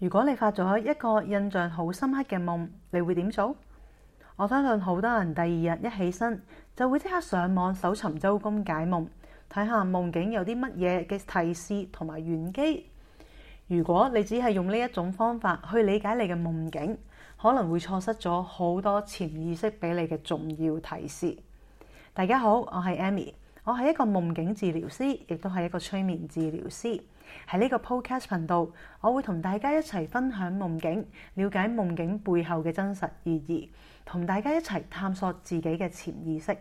如果你發咗一個印象好深刻嘅夢，你會點做？我相信好多人第二日一起身，就會即刻上網搜尋周公解夢，睇下夢境有啲乜嘢嘅提示同埋玄機。如果你只係用呢一種方法去理解你嘅夢境，可能會錯失咗好多潛意識俾你嘅重要提示。大家好，我係 Amy，我係一個夢境治療師，亦都係一個催眠治療師。喺呢個 Podcast 頻道，我會同大家一齊分享夢境，了解夢境背後嘅真實意義，同大家一齊探索自己嘅潛意識。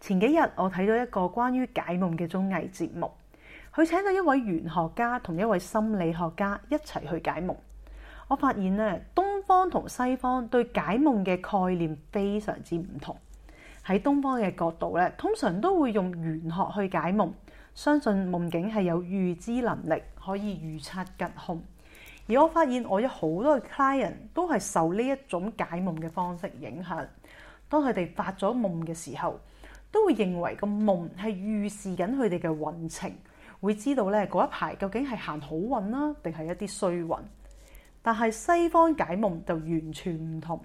前幾日我睇到一個關於解夢嘅綜藝節目，佢請到一位玄學家同一位心理學家一齊去解夢。我發現咧，東方同西方對解夢嘅概念非常之唔同。喺東方嘅角度咧，通常都會用玄學去解夢。相信夢境係有預知能力，可以預測吉凶。而我發現我有好多嘅 client 都係受呢一種解夢嘅方式影響。當佢哋發咗夢嘅時候，都會認為個夢係預示緊佢哋嘅運程，會知道咧嗰一排究竟係行好運啦，定係一啲衰運。但係西方解夢就完全唔同，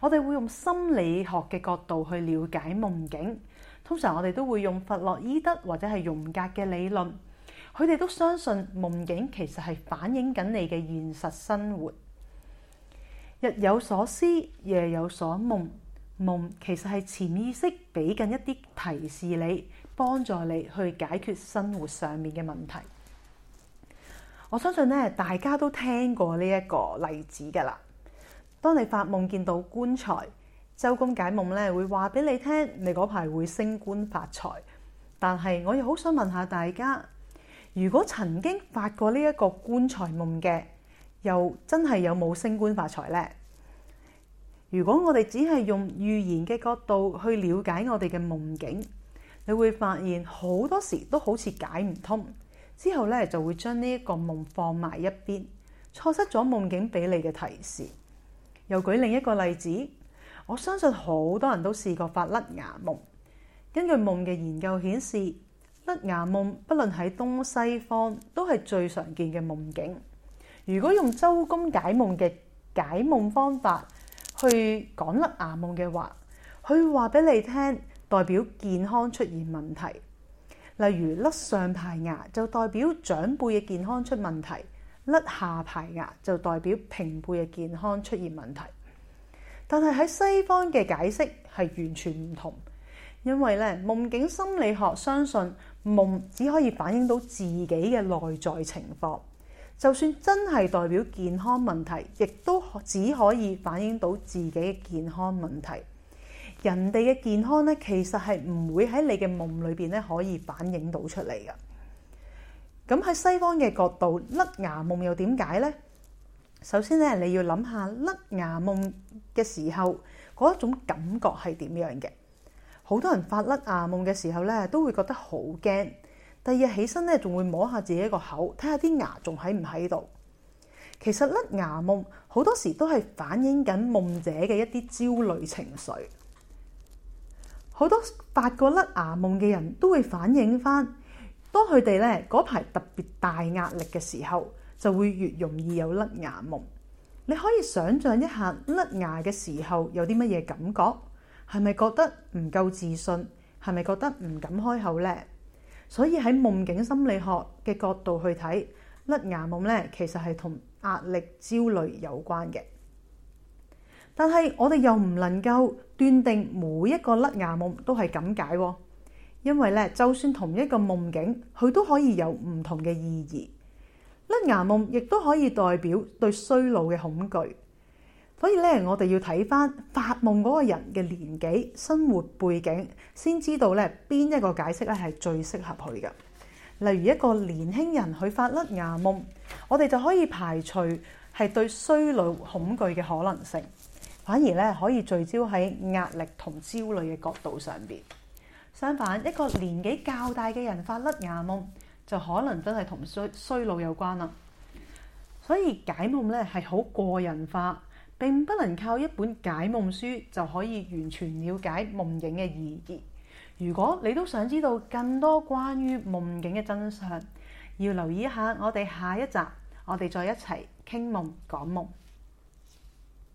我哋會用心理學嘅角度去了解夢境。通常我哋都會用弗洛伊德或者係榮格嘅理論，佢哋都相信夢境其實係反映緊你嘅現實生活。日有所思，夜有所夢，夢其實係潛意識俾緊一啲提示你，幫助你去解決生活上面嘅問題。我相信咧，大家都聽過呢一個例子㗎喇。當你發夢見到棺材，周公解夢咧，會話俾你聽，你嗰排會升官發財。但係，我又好想問下大家，如果曾經發過呢一個棺材夢嘅，又真係有冇升官發財呢？如果我哋只係用預言嘅角度去了解我哋嘅夢境，你會發現好多時都好似解唔通。之後咧就會將呢一個夢放埋一邊，錯失咗夢境俾你嘅提示。又舉另一個例子。我相信好多人都試過發甩牙夢。根據夢嘅研究顯示，甩牙夢不論喺東西方都係最常見嘅夢境。如果用周公解夢嘅解夢方法去講甩牙夢嘅話，佢話俾你聽，代表健康出現問題。例如甩上排牙就代表長輩嘅健康出問題，甩下排牙就代表平輩嘅健康出現問題。但係喺西方嘅解釋係完全唔同，因為咧夢境心理學相信夢只可以反映到自己嘅內在情況，就算真係代表健康問題，亦都只可以反映到自己嘅健康問題。人哋嘅健康咧，其實係唔會喺你嘅夢裏邊咧可以反映到出嚟嘅。咁喺西方嘅角度，甩牙夢又點解呢？首先咧，你要諗下甩牙夢嘅時候嗰一種感覺係點樣嘅？好多人發甩牙夢嘅時候咧，都會覺得好驚，第二日起身咧，仲會摸下自己個口，睇下啲牙仲喺唔喺度。其實甩牙夢好多時都係反映緊夢者嘅一啲焦慮情緒。好多發過甩牙夢嘅人都會反映返，當佢哋咧嗰排特別大壓力嘅時候，就會越容易有甩牙夢。你可以想象一下甩牙嘅時候有啲乜嘢感覺？係咪覺得唔夠自信？係咪覺得唔敢開口呢？所以喺夢境心理學嘅角度去睇，甩牙夢呢其實係同壓力、焦慮有關嘅。但係我哋又唔能夠斷定每一個甩牙夢都係咁解喎，因為呢，就算同一個夢境，佢都可以有唔同嘅意義。甩牙夢亦都可以代表對衰老嘅恐懼，所以咧我哋要睇翻發夢嗰個人嘅年紀、生活背景，先知道咧邊一個解釋咧係最適合佢嘅。例如一個年輕人去發甩牙夢，我哋就可以排除係對衰老恐懼嘅可能性，反而咧可以聚焦喺壓力同焦慮嘅角度上邊。相反，一個年紀較大嘅人發甩牙夢。就可能真係同衰衰老有關啦，所以解夢咧係好個人化，並不能靠一本解夢書就可以完全了解夢境嘅意義。如果你都想知道更多關於夢境嘅真相，要留意一下我哋下一集，我哋再一齊傾夢、講夢。